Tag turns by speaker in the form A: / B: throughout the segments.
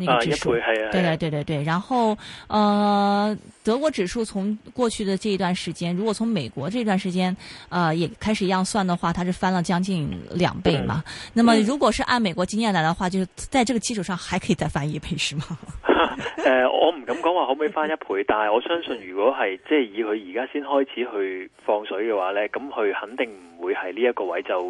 A: 那個、指啊一倍係啊，對對對對對、啊，然後，呃，德國指數從過去的這一段時間，如果從美國這段時間，啊、呃，也開始一樣算的話，它是翻了將近兩倍嘛、嗯。那麼如果是按美國經驗來的話，就是在這個基礎上還可以再翻一倍，是嗎？
B: 呃、我唔敢講話可唔可以翻一倍， 但係我相信如果係即係以佢而家先開始去放水嘅話呢，咁佢肯定唔會係呢一個位就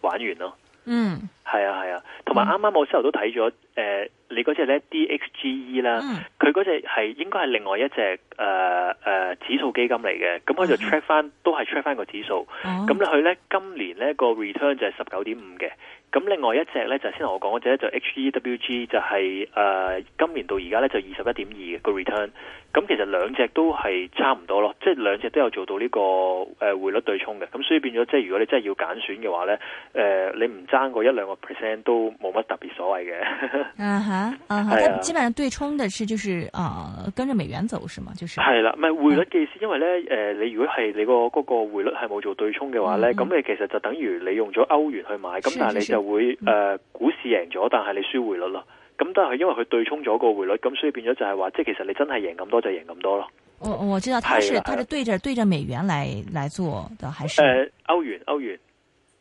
B: 玩完咯。嗯，係啊係啊，同埋啱啱我之後都睇咗誒。嗯呃你嗰隻咧 D X G E 啦，佢嗰隻係應該係另外一隻誒誒指數基金嚟嘅，咁佢就 track 翻都係 track 翻個指數，咁咧佢咧今年咧個 return 就係十九點五嘅。咁另外一隻咧就先同我講嗰隻就 H E W G 就係、是、誒、呃、今年到而家咧就二十一點二個 return。咁其實兩隻都係差唔多咯，即係兩隻都有做到呢、這個誒、呃、匯率對沖嘅。咁所以變咗即係如果你真係要揀選嘅話咧，誒、呃、你唔爭過一兩個 percent 都冇乜特別所謂嘅。Uh-huh. Uh-huh. yeah. 基本
A: 上對沖嘅是就是、呃、跟着美元走係嘛
C: 就
B: 是係啦，唔係匯率嘅意思，yeah. 因為咧誒、呃，你如果係你個嗰、那個匯率係冇做對沖嘅話咧，咁、mm-hmm. 你其實就等於你用咗歐元去買，咁但係你就是是是。會誒、呃，股市贏咗，但係你輸匯率咯。咁都係因為佢對沖咗個匯率，咁所以變咗就係話，即係其實你真係贏咁多就贏咁多咯。
A: 我、哦、我知道，他是，是的他是對着是對着美元來來做的，還是誒、
B: 呃、歐元歐元、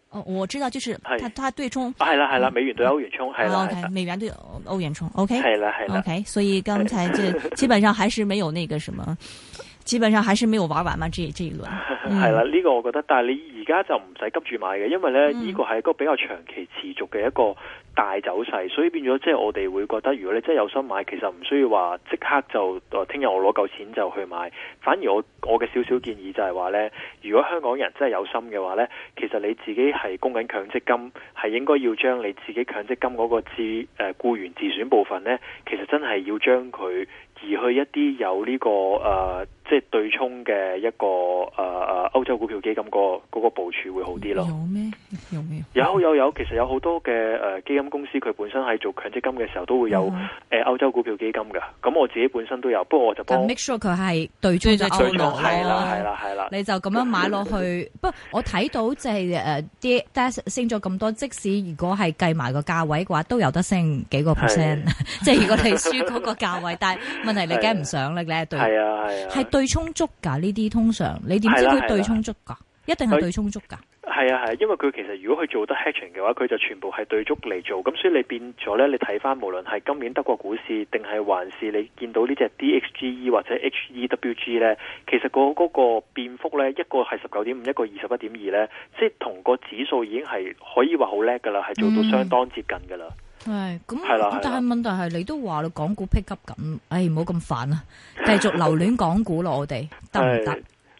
A: 哦。我知道，就是，他
B: 是，他它對沖，係啦係啦，嗯啊啊、okay, 美元對歐元沖，係、okay? 啦，
A: 美元對歐元沖，OK，係啦係啦，OK，所以剛才就基本上還是沒有那個什麼。 基本上還是沒有玩完嘛？這個、這一、個、啦，呢、嗯啊這
B: 個我覺得，但係你而家就唔使急住買嘅，因為呢呢、嗯這個係一個比較長期持續嘅一個大走勢，所以變咗即係我哋會覺得，如果你真係有心買，其實唔需要話即刻就聽日我攞夠錢就去買，反而我我嘅少少建議就係話呢，如果香港人真係有心嘅話呢，其實你自己係供緊強積金，係應該要將你自己強積金嗰個自誒、呃、僱員、呃、自選部分呢，其實真係要將佢移去一啲有呢、這個誒。呃即係對沖嘅一個誒誒、呃、歐洲股票基金、那個嗰個部署會好啲咯。有咩有咩有有有，有，其實有好多嘅誒基金公司佢本身係做強積金嘅時候都會有誒、嗯呃、歐洲股票基金噶。咁我自己本身都有，不過我就幫 make
C: sure 佢係對沖咗歐洲，係啦係啦係啦。你就咁樣買落去， 不過我睇到即係誒啲升咗咁多，即使如果係計埋個價位嘅話，都有得升幾個 percent。 即係如果你輸嗰個價位， 但係問題你驚唔上咧，你係啊係啊，對。對沖足噶呢啲通常，你點知佢對沖足噶？一定係對沖足噶
B: 係啊係，因為佢其實如果佢做得 hedging 嘅話，佢就全部係對足嚟做。咁所以你變咗咧，你睇翻無論係今年德國股市，定係還是你見到呢隻 D X G E 或者 H E W G 咧，其實個嗰個變幅咧，一個係十九點五，一個二十一點二咧，即係同個指數已經係可以話好叻噶啦，係做到相當接近噶啦嗯
C: 係咁，但係問題係你都話啦，港股 u 急咁，哎，唔好咁煩啊，繼續留戀港股咯，我哋得
B: 唔得？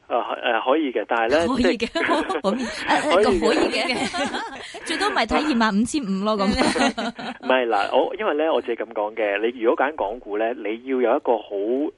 B: 誒，誒，可以嘅，但係咧，可以嘅，咁
C: 可以嘅的， 以的 最多咪睇二萬五千五咯，咁。
B: 唔係嗱，我因為咧，我自己咁講嘅，你如果揀港股咧，你要有一個好誒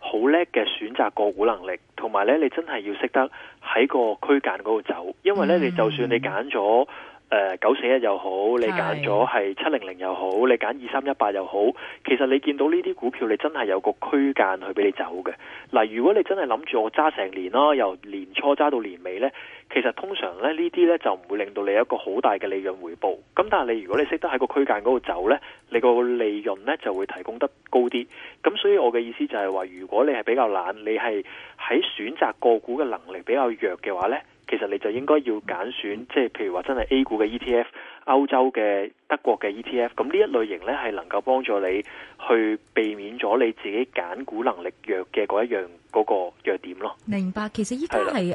B: 好叻嘅選擇個股能力，同埋咧，你真係要識得喺個區間嗰度走，因為咧，你就算你揀咗。嗯誒、uh，九四一又好，你揀咗係七零零又好，你揀二三一八又好，其實你見到呢啲股票，你真係有個區間去俾你走嘅。嗱、啊，如果你真係諗住我揸成年囉，由年初揸到年尾呢，其實通常咧呢啲呢，就唔會令到你有一個好大嘅利潤回報。咁但係你如果你識得喺個區間嗰度走呢，你個利潤呢就會提供得高啲。咁所以我嘅意思就係話，如果你係比較懶，你係喺選擇個股嘅能力比較弱嘅話呢。.其實你就應該要揀選，選，即係譬如話真係 A 股嘅 ETF，歐洲嘅德國嘅 ETF，咁呢一類型呢，係能夠幫助你去避免咗你自己揀股能力弱嘅嗰一樣嗰、嗰個弱點咯。
C: 明白，其實依家係誒，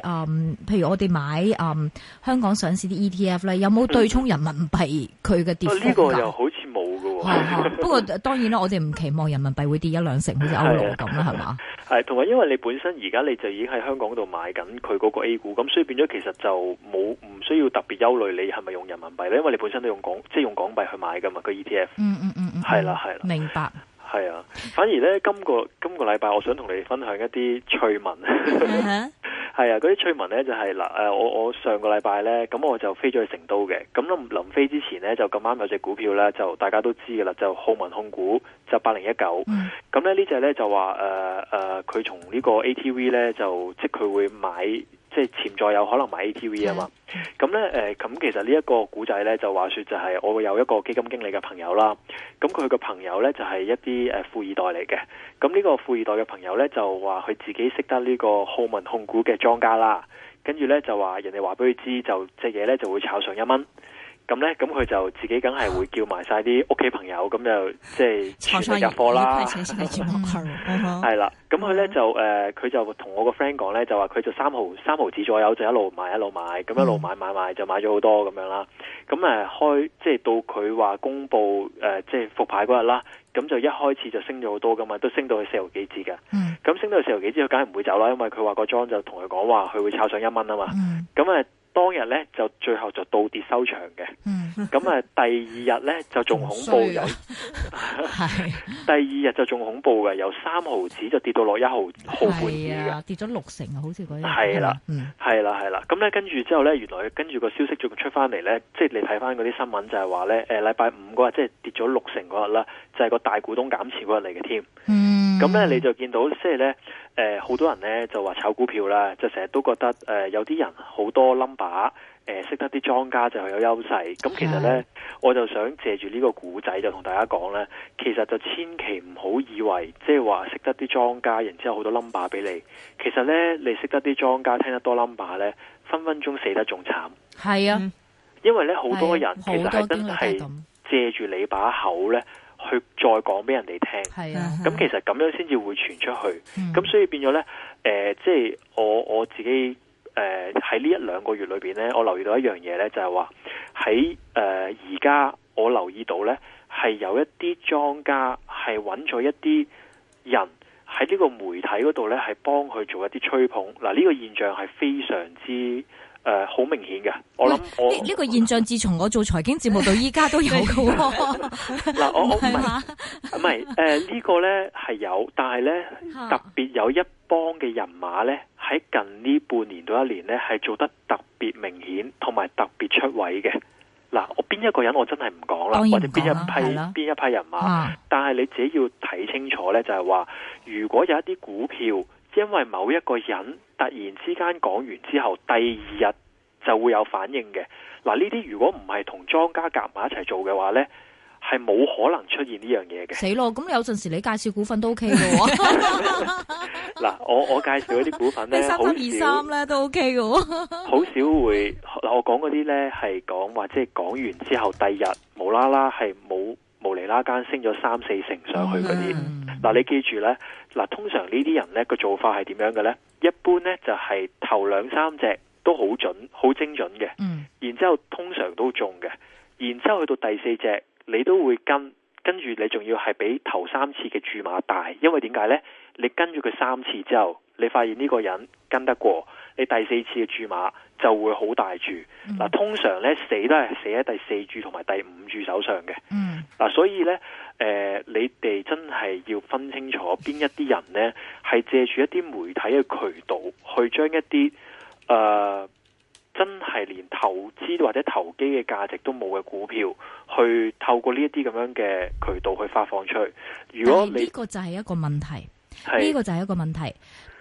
C: 譬如我哋買誒、嗯、香港上市啲 ETF 咧，有冇對沖人民幣佢嘅跌
B: 幅？ 不過
C: 當然啦，我哋唔期望人民幣會跌一兩成好似歐羅咁啦，係嘛？
B: 係，同埋 因為你本身而家你就已經喺香港度買緊佢嗰個 A 股，咁所以變咗其實就冇，唔需要特別憂慮你係咪用人民幣咧，因為你本身都用港即係、就是、用港幣去買噶嘛個 ETF。
A: 嗯嗯嗯嗯，嗯，係啦
B: 係啦。明白。係啊，反而咧今個今個禮拜，我想同你分享一啲趣聞。 係啊，嗰啲趣聞咧就係、是、嗱，誒、啊、我我上個禮拜咧，咁我就飛咗去成都嘅，咁臨臨飛之前咧就咁啱有隻股票咧就大家都知噶啦，就浩文控股就八零一九，咁、這、咧、個、呢隻咧就話誒誒佢從呢個 ATV 咧就即佢會買。即係潛在有可能買 ATV 啊嘛，咁咧誒，咁、呃、其實這呢一個古仔咧就話説就係我會有一個基金經理嘅朋友啦，咁佢個朋友咧就係、是、一啲誒富二代嚟嘅，咁呢個富二代嘅朋友咧就話佢自己識得呢個浩文控股嘅莊家啦，跟住咧就話人哋話俾佢知就隻嘢咧就會炒上一蚊。咁咧，咁佢就自己梗係會叫埋曬啲屋企朋友，咁、啊、就即係全入貨啦。係、啊、啦，咁佢咧就誒，佢就同我個 friend 講咧，就話佢、呃、就，就，就三毫三毫紙左右就、嗯，就一路買一路買，咁一路買買買就買咗好多咁樣啦。咁開即係到佢話公布即係、呃就是、復牌嗰日啦。咁就一開始就升咗好多噶嘛，都升到去四毫幾支嘅。咁、嗯、升到去四毫幾支，佢梗係唔會走啦，因為佢話個莊就同佢講話，佢會炒上一蚊啊嘛。咁、嗯啊當日咧就最後就倒跌收場嘅，咁、嗯嗯、啊， 啊，第二日咧就仲恐怖有，第二日就仲恐怖嘅，由三毫子就跌到落一毫毫半嘅，啊，跌咗
C: 六成啊，好似嗰啲係啦，
B: 係啦、啊，係啦、啊。咁、嗯、咧、嗯嗯、跟住之後咧，原來跟住個消息仲出翻嚟咧，即、就、係、是、你睇翻嗰啲新聞就係話咧，誒禮拜五嗰日即係跌咗六成嗰日啦，就係、是、個大股東減持嗰日嚟嘅添。嗯咁、嗯、咧你就見到，即係咧，誒、呃、好多人咧就話炒股票啦，就成日都覺得誒、呃、有啲人好多 number，、呃、識得啲莊家就係有優勢。咁其實咧，Okay. 我就想借住呢個古仔就同大家講咧，其實就千祈唔好以為即係話識得啲莊家，然之後好多 number 俾你。其實咧，你識得啲莊家聽得多 number 咧，分分鐘死得仲慘。係啊，因為咧好多人是、啊、多其實係真係借住你把口咧。去再講俾人哋聽，咁、啊啊、其實咁樣先至會傳出去，咁、嗯、所以變咗咧，誒、呃，即、就、係、是、我我自己，誒喺呢一兩個月裏邊咧，我留意到一樣嘢咧，就係話喺誒而家我留意到咧，係有一啲莊家係揾咗一啲人喺呢個媒體嗰度咧，係幫佢做一啲吹捧，嗱、呃、呢、這個現象係非常之。誒、呃，好明顯嘅，我諗呢呢
C: 個現象，自從我做財經節目到依家都有嘅、哦。
B: 嗱、 呃，我我唔係唔係誒，呃這個、呢個咧係有，但係咧特別有一幫嘅人馬咧，喺近呢半年到一年咧係做得特別明顯，同埋特別出位嘅。嗱、呃，我邊一個人我真係唔講啦，或者邊一批邊一批人馬，啊、但係你自己要睇清楚咧，就係、是、話如果有一啲股票。因為某一個人突然之間講完之後，第二日就會有反應嘅。嗱，呢啲如果唔係同莊家夾埋一齊做嘅話呢係冇可能出現呢樣嘢嘅。死
C: 咯！咁有陣時你介紹股份都 OK 嘅。
B: 嗱， 我我介紹啲股份咧，好 三二三
C: 咧都 OK 嘅，
B: 好 少會我講嗰啲咧係講話，即係講完之後第二日無啦啦係冇無厘啦間升咗三四成上去嗰啲，嗱、oh, yeah. 啊、你記住咧，嗱、啊、通常呢啲人咧個做法係點樣嘅咧？一般咧就係頭兩三隻都好準，好精準嘅，mm. 然之後通常都中嘅，然之後去到第四隻你都會跟，跟住你仲要係比頭三次嘅注碼大，因為點解咧？你跟住佢三次之後，你發現呢個人跟得過，你第四次嘅注碼就會好大注。嗱、嗯，通常咧死都係死喺第四注同埋第五注手上嘅。嗱、嗯，所以咧，誒、呃，你哋真係要分清楚邊一啲人咧，係借住一啲媒體嘅渠道去將一啲誒、呃，真係連投資或者投機嘅價值都冇嘅股票，去透過呢一啲咁樣嘅渠道去發放出去。如果你，呢個
C: 就係一個問題。呢、這個就係一個問題，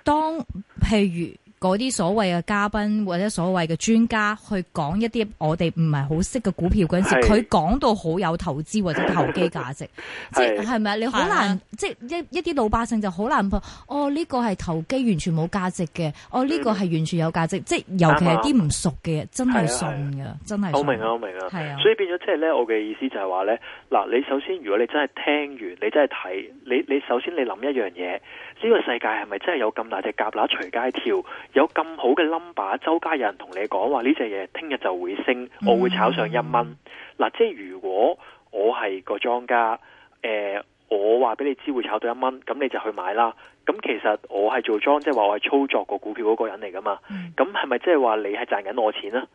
C: 當譬如，嗰啲所謂嘅嘉賓或者所謂嘅專家去講一啲我哋唔係好識嘅股票嗰陣時，佢講到好有投資或者投機價值， 即係咪啊？你好難，嗯、即係一一啲老百姓就好難。哦，呢個係投機完全冇價值嘅。哦，呢、呢個係完、哦呢個、完全有價值，嗯。即係尤其係啲唔熟嘅，真係信㗎，真係。
B: 好明啊，好明啊。係啊，所以變咗即係咧，我嘅意思就係話咧，嗱，你首先如果你真係聽完，你真係睇，你你首先你諗一樣嘢。呢、這個世界係咪真係有咁大隻蛤乸隨街跳？有咁好嘅 number，周街有人同你講話呢隻嘢聽日就會升，我會炒上一蚊。嗱、嗯啊，即係如果我係個莊家，誒、呃，我話俾你知會炒到一蚊，咁你就去買啦。咁其實我係做莊，即係話我係操作個股票嗰個人嚟噶嘛。咁係咪即係話你係賺緊我錢啊？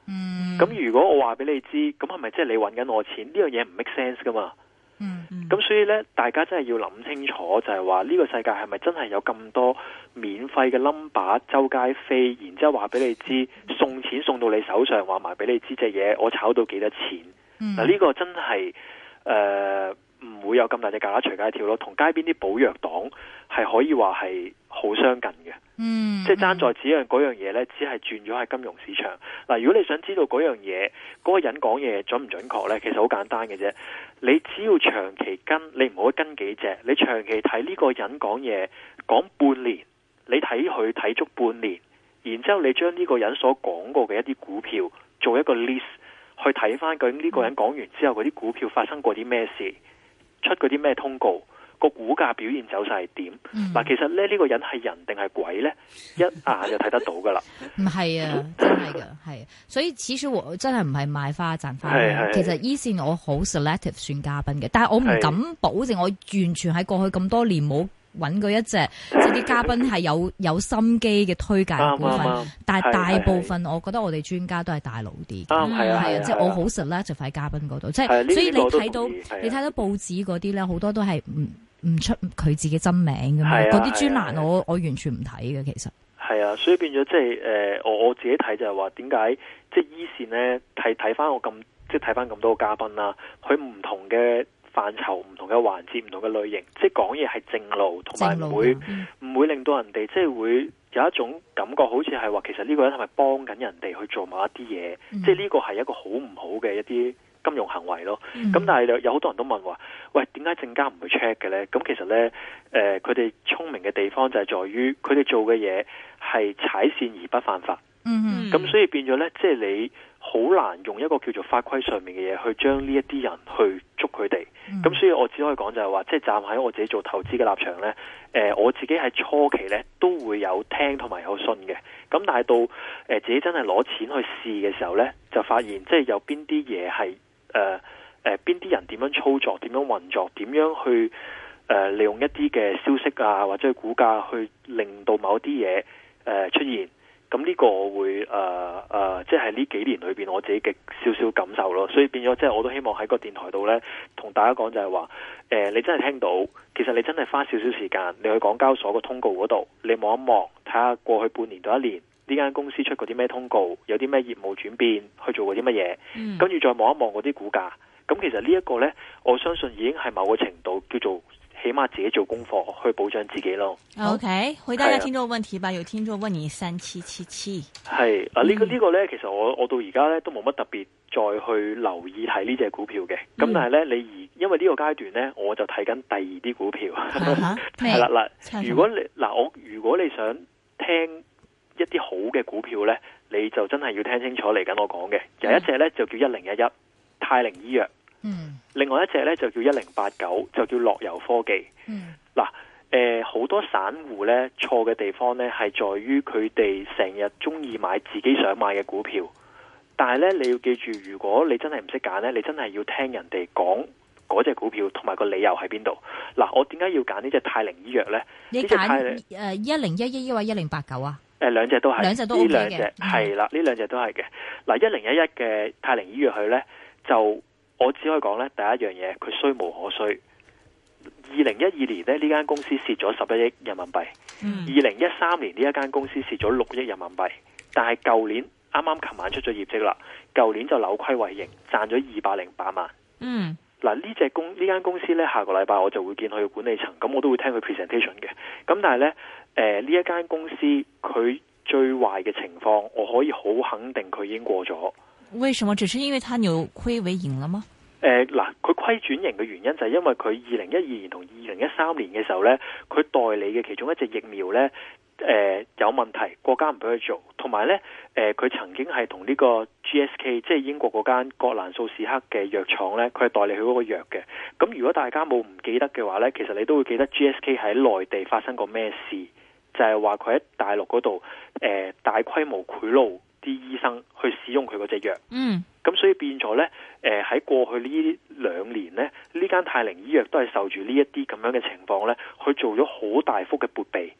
B: 咁、嗯、如果我話俾你知，咁係咪即係你揾緊我錢？呢樣嘢唔 make sense 噶嘛？嗯，咁、嗯、所以咧，大家真係要諗清楚就，就係話呢個世界係咪真係有咁多免費嘅 number 周街飛，然之後話俾你知送錢送到你手上，話埋俾你知隻嘢我炒到幾多錢？嗱、嗯，呢個真係誒唔會有咁大隻蛤乸隨街跳咯，同街邊啲保藥黨係可以話係。好相近嘅，嗯，嗯，即係爭在只樣嗰樣嘢呢，只係轉咗喺金融市場。嗱，如果你想知道嗰樣嘢，嗰、嗰個人講嘢準唔準確呢？其實好簡單嘅啫。你只要長期跟，你唔好跟幾隻，你長期睇呢個人講嘢，講半年，你睇佢睇足半年，然之後你將呢個人所講過嘅一啲股票做一個 list，去睇翻究竟呢個人講完之後，嗰啲股票發生過啲咩事，出過啲咩通告。個股價表現走勢係點？嗱、嗯，其實咧呢、這個人係人定係鬼咧，一眼就睇得到噶啦。
C: 唔係啊，
B: 真係噶，係啊，
C: 係。所以此處真係唔係賣花賺花，是是其實呢綫我好 selective 選嘉賓嘅，但係我唔敢保證我完全喺過去咁多年冇。揾嗰一隻，即係啲嘉賓係有有心機嘅推介股份，但係大部分我覺得我哋專家都係大佬啲。係啊，即係我好實啦，就喺嘉賓嗰度，即係所，所以你睇到、這個、你睇到報紙嗰啲咧，好多都係唔唔出佢自己真名咁嘛。嗰啲專欄我是的是的是的我完全唔睇嘅其實。
B: 係啊，所以變咗即係我我自己就睇就係話點解即係以前咧睇睇翻我咁即係睇翻咁多嘉賓啦，佢唔同嘅。範疇唔同嘅環節，唔同嘅類型，即係講嘢係正路，同埋唔會唔、嗯、會令到人哋即係會有一種感覺，好似係話其實呢個人係咪幫緊人哋去做某一啲嘢，嗯？即係呢個係一個好唔好嘅一啲金融行為咯。咁、嗯、但係有好多人都問話，喂，點解正家唔會 check 嘅咧？咁其實咧，誒、呃，佢哋聰明嘅地方就係在於佢哋做嘅嘢係踩線而不犯法。嗯嗯，咁所以變咗咧，即、就、係、是、你。好難用一個叫做法規上面嘅嘢去將呢一啲人去捉佢哋，咁所以我只可以講就係話，即係站喺我自己做投資嘅立場咧，誒我自己喺初期咧都會有聽同埋有信嘅，咁但係到誒自己真係攞錢去試嘅時候咧，就發現即係有邊啲嘢係誒誒邊啲人點樣操作，點樣運作，點樣去誒利用一啲嘅消息啊或者係股價去令到某啲嘢誒出現。咁、這、呢個我會、呃呃、即係呢幾年裏面我自己極少少感受咯，所以變咗即係我都希望喺個電台度呢，同大家講就係話、呃，你真係聽到，其實你真係花少少時間，你去港交所個通告嗰度，你望一望，睇下過去半年到一年呢間公司出過啲咩通告，有啲咩業務轉變，去做過啲乜嘢，跟住再望一望嗰啲股價，咁其實呢一個呢，我相信已經係某個程度叫做。起碼自己做功課去保障自己咯。
A: OK，回大家聽眾問題吧。啊、有聽眾問你三七七七，係啊呢、這個呢、
B: 這個呢？其實我我到而家呢都冇乜特別再去留意睇呢隻股票嘅。咁、嗯、但係呢，你而因為呢個階段呢，我就睇緊第二啲股票。咩、
A: uh-huh, 啊？係
B: 啦，如果你嗱我如果你想聽一啲好嘅股票呢，你就真係要聽清楚嚟緊我講嘅。第、嗯、一隻呢，就叫一零一一泰寧醫藥。嗯。另外一隻咧就叫一零八九，就叫樂遊科技。嗯，嗱，誒、呃，好多散戶咧錯嘅地方咧係在於佢哋成日鍾意買自己想買嘅股票，但係咧，你要記住，如果你真係唔識揀咧，你真係要聽人哋講嗰隻股票同埋個理由喺邊度。嗱，我點解要揀呢隻泰寧醫藥咧？你揀誒
C: 一零一一或一零八九啊？
B: 誒、呃，兩隻都係，兩隻都 OK 嘅，係啦，嗯、呢兩隻的的泰去呢兩隻都係嘅。嗱，一零一一嘅泰寧醫藥佢咧就。我只可以講咧，第一樣嘢，佢衰無可衰。二零一二年咧，呢間公司蝕咗十一億人民幣。嗯。二零一三年呢一間公司蝕咗六億人民幣，但係舊年啱啱琴晚出咗業績啦，舊年就扭虧為盈，賺咗二百零八萬。嗯。嗱，呢隻公呢間公司咧，下個禮拜我就會見佢管理層，咁我都會聽佢 presentation 嘅。咁但係咧，誒、呃、呢一間公司，佢最壞嘅情況，我可以好肯定佢已經過咗。
A: 為什麼只是因為他扭虧為盈了嗎？
B: 誒、呃、嗱，佢虧轉型嘅原因就係因為佢二零一二年同二零一三年嘅時候咧，佢代理嘅其中一隻疫苗咧，誒、呃、有問題，國家唔俾佢做，同埋咧，誒、呃、佢曾經係同呢個 G S K 即係英國嗰間葛蘭素史克嘅藥廠咧，佢係代理佢嗰個藥嘅。咁如果大家冇唔記得嘅話咧，其實你都會記得 G S K 喺內地發生過咩事，就係話佢喺大陸嗰度誒大規模賄賂。啲醫生去使用佢嗰隻藥，咁所以變咗呢。誒、呃、喺過去呢兩年呢，呢間泰寧醫藥都係受住呢一啲咁樣嘅情況呢，去做咗好大幅嘅撥備，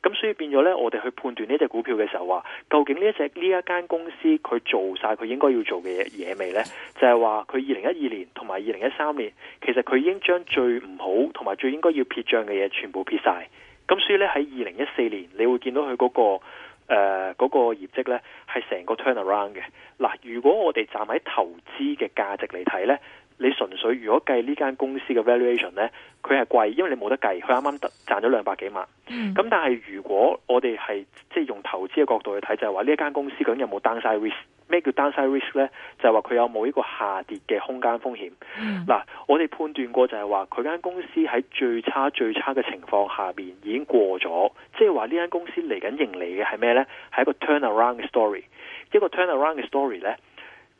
B: 咁所以變咗呢，我哋去判斷呢隻股票嘅時候話，究竟呢一隻呢一間公司佢做晒佢應該要做嘅嘢未呢？就係話佢二零一二年同埋二零一三年，其實佢已經將最唔好同埋最應該要撇賬嘅嘢全部撇晒，咁所以呢，喺二零一四年你會見到佢嗰、嗰個。誒、uh, 嗰個業績咧係成個 turnaround 嘅。嗱，如果我哋站喺投資嘅價值嚟睇咧。你純粹如果計呢間公司嘅 valuation 咧，佢係貴，因為你冇得計。佢啱啱賺咗兩百幾萬，咁、嗯、但係如果我哋係即係用投資嘅角度去睇，就係話呢一間公司究竟有冇 downside risk？咩叫 downside risk 咧？就係話佢有冇一個下跌嘅空間風險？嗱、嗯，我哋判斷過就係話佢間公司喺最差最差嘅情況下邊已經過咗，即係話呢間公司嚟緊盈利嘅係咩咧？係一個 turnaround 嘅 story。一個 turnaround 嘅 story 咧，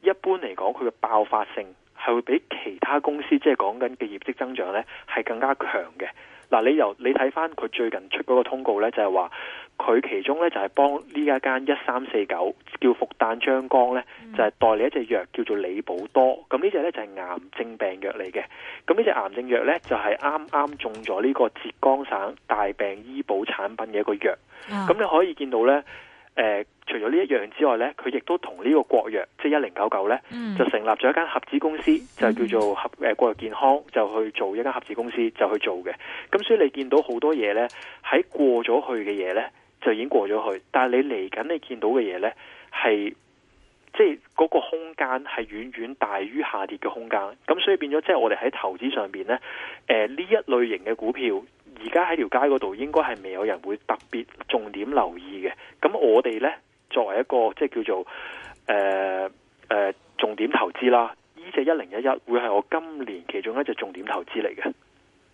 B: 一般嚟講佢嘅爆發性。係會比其他公司即係講緊嘅業績增長咧，係更加強嘅。嗱、啊，你由你睇翻佢最近出嗰個通告咧，就係話佢其中咧就係幫呢一間一三四九叫復旦張江咧，就係、是就是、代理一隻藥叫做禮寶多。咁呢隻咧就係、是、癌症病藥嚟嘅。咁呢隻癌症藥咧就係啱啱中咗呢個浙江省大病醫保產品嘅一個藥。咁你可以見到咧，誒、呃。除咗呢一樣之外呢，佢亦都同呢個國藥即係一零九九呢，就成立咗一間合資公司，就叫做合誒國藥健康，就去做一間合資公司，就去做嘅。咁所以你見到好多嘢呢，喺過咗去嘅嘢呢，就已經過咗去。但係你嚟緊你見到嘅嘢呢，係即係嗰個空間係遠遠大於下跌嘅空間。咁所以變咗，即係我哋喺投資上邊呢，誒呢一類型嘅股票，而家喺條街嗰度應該係未有人會特別重點留意嘅。咁我哋呢。作為一個即係叫做誒誒，呃呃，重點投資啦，呢隻一零一一會係我今年其中一隻重點投資嚟嘅。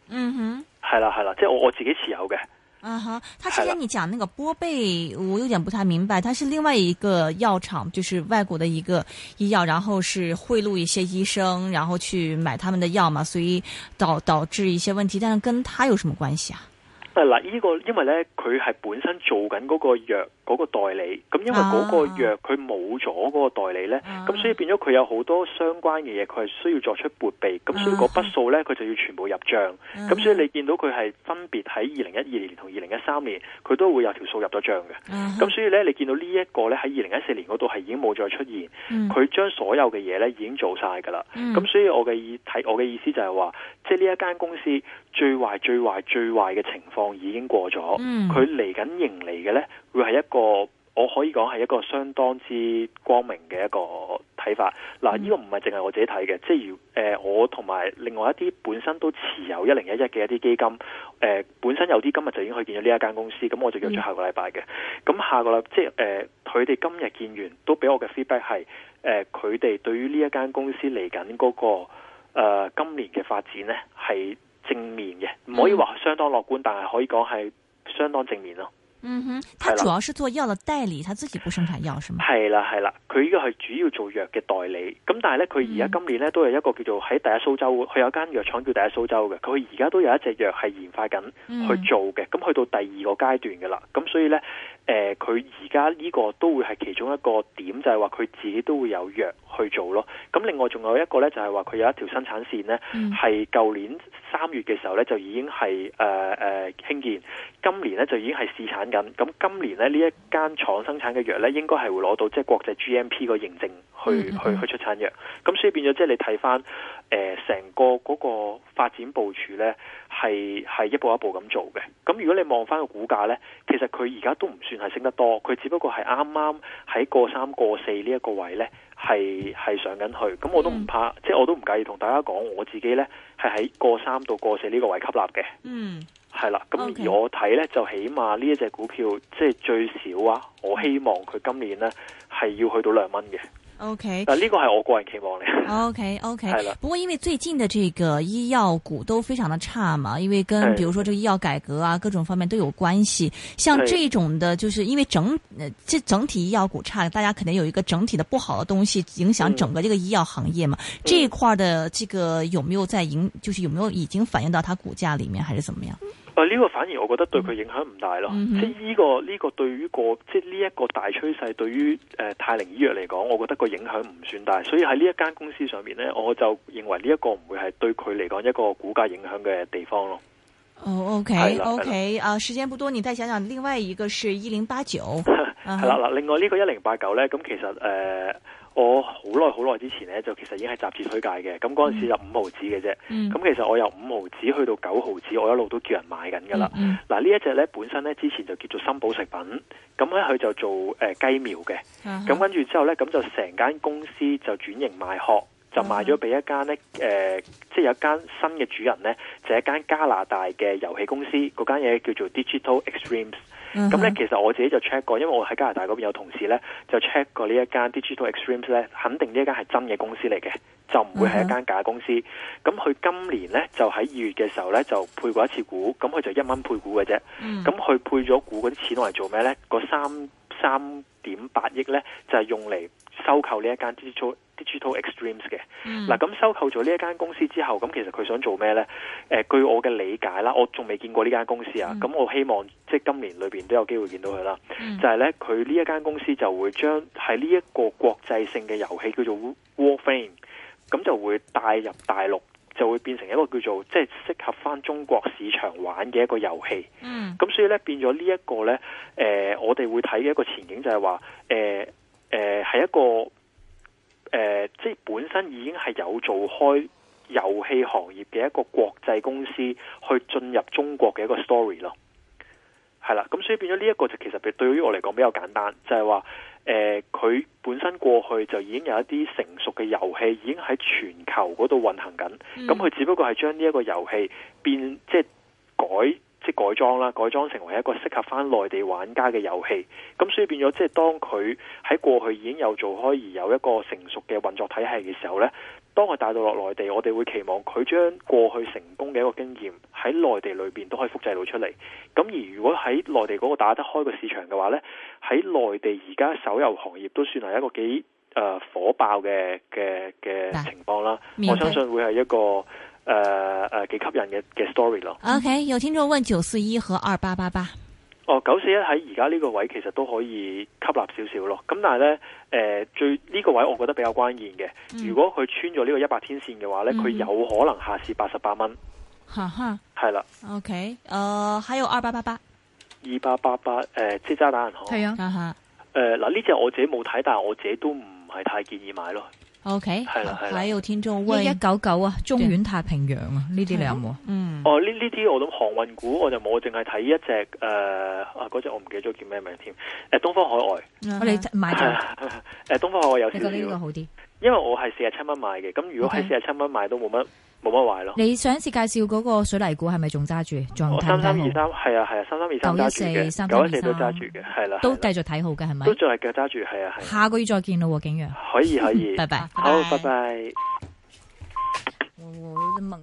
B: 嗯哼，係啦係啦，即係我我自己持有嘅。
A: 啊、嗯、哈，他之前你講那個波貝，我有點不太明白，他是另外一個藥廠，就是外國的一個醫藥，然後是賄賂一些醫生，然後去買他們的藥嘛，所以導導致一些問題。但是跟他有什麼關係啊？
B: 係、這、嗱、個，呢個因為咧，佢係本身做緊嗰個藥嗰、那個代理，咁因為嗰個藥佢冇咗嗰個代理咧，咁、啊、所以變咗佢有好多相關嘅嘢，佢係需要作出撥備，咁所以嗰筆數咧，佢就要全部入賬，咁、啊、所以你見到佢係分別喺二零一二年同二零一三年，佢都會有條數入咗賬嘅，咁、啊、所以咧，你見到呢一個咧喺二零一四年嗰度係已經冇再出現，佢、嗯、將所有嘅嘢咧已經做晒噶啦，咁、嗯、所以我嘅意睇我嘅意思就係話，即係呢一間公司最壞、最壞、最壞嘅情況。已經過咗，佢嚟緊迎嚟嘅呢，會係一個我可以講係一個相當之光明嘅一個睇法。嗱、啊，呢、這個唔係淨係我自己睇嘅，嗯、即係如誒，我同埋另外一啲本身都持有一零一一嘅一啲基金，誒、呃，本身有啲今日就已經去見咗呢一間公司，咁我就約咗下個禮拜嘅。咁、嗯、下個禮，即係佢哋今日見完，都俾我嘅 feedback 係，佢、呃、哋對於呢一間公司嚟緊嗰個誒、呃、今年嘅發展呢係。是正面嘅，唔可以話相當樂觀，但係可以講係相當正面咯。嗯哼，佢主要
A: 是做藥嘅代理的，他自己不生產藥，是嗎？
B: 係啦，係啦，佢呢個係主要做藥嘅代理。咁但係咧，佢而家今年咧都有一個叫做喺第一蘇州，佢、嗯、有間藥廠叫第一蘇州嘅。佢而家都有一隻藥係研發緊去做嘅。咁、嗯、去到第二個階段嘅啦。咁所以咧，誒、呃，佢而家呢個都會係其中一個點，就係話佢自己都會有藥去做咯。咁另外仲有一個咧，就係話佢有一條生產線咧，係、嗯、舊年三月嘅時候咧就已經係誒誒興建，今年咧就已經係試產。咁，今年咧呢一間廠生產嘅藥咧，應該係會攞到即係國際 GMP 個認證去，mm-hmm. 去去去出產藥。咁所以變咗，即係你睇翻，誒、呃，成個嗰個發展部署咧，係係一步一步咁做嘅。咁如果你望翻個股價咧，其實佢而家都唔算係升得多，佢只不過係啱啱喺過三過四呢一個位咧，係係上緊去。咁我都唔怕，mm-hmm. 即係我都唔介意同大家講，我自己咧係喺過三到過四呢個位吸納嘅。嗯、mm-hmm. 係啦，咁而我睇咧、okay。就起碼呢一隻股票，即係最少啊，我希望佢今年呢係要去到兩蚊嘅。
A: O K，嗱呢個
B: 係我個人期望咧。
A: O K，O K，係啦。不過因為最近的這個醫藥股都非常的差嘛，因為跟，比如說，這個醫藥改革啊，各種方面都有關係。像這種的，就是因為整，這整體醫藥股差，大家肯定有一個整體的不好的東西影響整個這個醫藥行業嘛。嗯、這一塊的這個有沒有在影，就是有沒有已經反映到它股價裏面，還是怎麼樣？
B: 呢、這個反而我覺得對佢影響唔大咯，即係呢個呢個對於個即係呢一個大趨勢，對於誒泰、呃、寧醫藥嚟講，我覺得個影響唔算大，所以喺呢一間公司上面呢，我就認為呢一個唔會係對佢嚟講一個股價影響嘅地方咯。
A: OK，OK 啊，時間不多，你再想想另外一個是一零八九。
B: 係 啦，另外呢個一零八九呢，咁其實誒。呃我好耐好耐之前咧，就其實已經係雜誌推介嘅，咁嗰陣時就五毫紙嘅啫，咁、嗯、其實我由五毫紙去到九毫紙，我一路都叫人買緊噶、嗯嗯、啦。嗱，呢一隻咧本身咧之前就叫做森寶食品，咁咧佢就做誒雞、呃、苗嘅，咁、啊、跟住之後咧，咁就成間公司就轉型賣殼，就賣咗俾一間咧誒，即係有間新嘅主人咧，就係、一間加拿大嘅遊戲公司，嗰間嘢叫做 Digital Extremes。咁咧，其實我自己就 check 過，因為我喺加拿大嗰邊有同事咧，就 check 過呢一間 Digital Extremes 咧，肯定呢一間係真嘅公司嚟嘅，就唔會係一間假公司。咁、mm-hmm. 佢今年咧就喺二月嘅時候咧就配過一次股，咁佢就一蚊配股嘅啫。咁、mm-hmm. 佢配咗股嗰啲錢攞嚟做咩咧？個三三。點八億咧，就係、是、用嚟收購呢一間 Digital Digital Extremes 嘅。嗱、嗯，咁收購咗呢一間公司之後，咁其實佢想做咩咧？誒、呃，據我嘅理解啦，我仲未見過呢間公司啊。咁、嗯、我希望即係、就是、今年裏邊都有機會見到佢啦、嗯。就係、是、咧，佢呢一間公司就會將喺呢一個國際性嘅遊戲叫做 Warframe，咁就會帶入大陸。就會變成一個叫做即係適合翻中國市場玩嘅一個遊戲。
C: 嗯，咁
B: 所以咧，變咗呢一個咧，誒，我哋會睇嘅一個前景就係話，誒，誒，係一個，誒，即係本身已經係有做開遊戲行業嘅一個國際公司去進入中國嘅一個 story 咯。係啦，咁所以變咗呢一個就其實對於我嚟講比較簡單，就係話。誒、呃，佢本身過去就已經有一啲成熟嘅遊戲，已經喺全球嗰度運行緊。咁、嗯、佢只不過係將呢一個遊戲變即係、就是、改即係、就是、改裝啦，改裝成為一個適合翻內地玩家嘅遊戲。咁所以變咗即係當佢喺過去已經有做開而有一個成熟嘅運作體系嘅時候呢。當佢帶到落內地，我哋會期望佢將過去成功嘅一個經驗喺內地裏邊都可以複製到出嚟。咁而如果喺內地嗰個打得開個市場嘅話呢，喺內地而家手遊行業都算係一個幾誒、呃、火爆嘅嘅嘅情況啦。我相信會係一個誒誒幾吸引嘅嘅 story 咯。
A: OK，有聽眾問九四一和二八八八。
B: 哦，九四一喺而家呢個位其實都可以吸納少少咯，咁但係呢，誒、呃、最呢、這個位我覺得比較關鍵嘅、嗯，如果佢穿咗呢個一百天線嘅話呢，佢、嗯嗯、有可能下市八十八蚊，
A: 吓吓，係啦。OK，誒、uh,，還有二八八八，
B: 二八八八誒，即係渣打銀行。係啊，嗱呢隻我自己冇睇，但係我自己都唔係太建議買咯。O K，係啦係
C: 喺個天舟，一九九啊，中遠太平洋啊，呢啲兩，嗯哦，
B: 哦呢呢啲我諗航運股，我就冇，淨係睇一隻誒，啊嗰隻我唔記得咗叫咩名添，誒東方海外，
C: 我哋買咗，
B: 誒東方海外有，你覺得應該好啲？因為我係四十七蚊買嘅，咁如果喺四十七蚊買都冇乜。Okay. 冇乜壞咯。你
C: 上一次介紹嗰個水泥股係咪仲揸住？仲三三二三，係啊係啊，三三二
B: 三九一四三三二四。都揸住嘅，係啦，都繼續睇好嘅係咪？都仲係嘅揸住，係啊係、啊。下
C: 個月再見咯，景羊。可以可以， 拜拜，好、
B: oh，拜拜。咬咬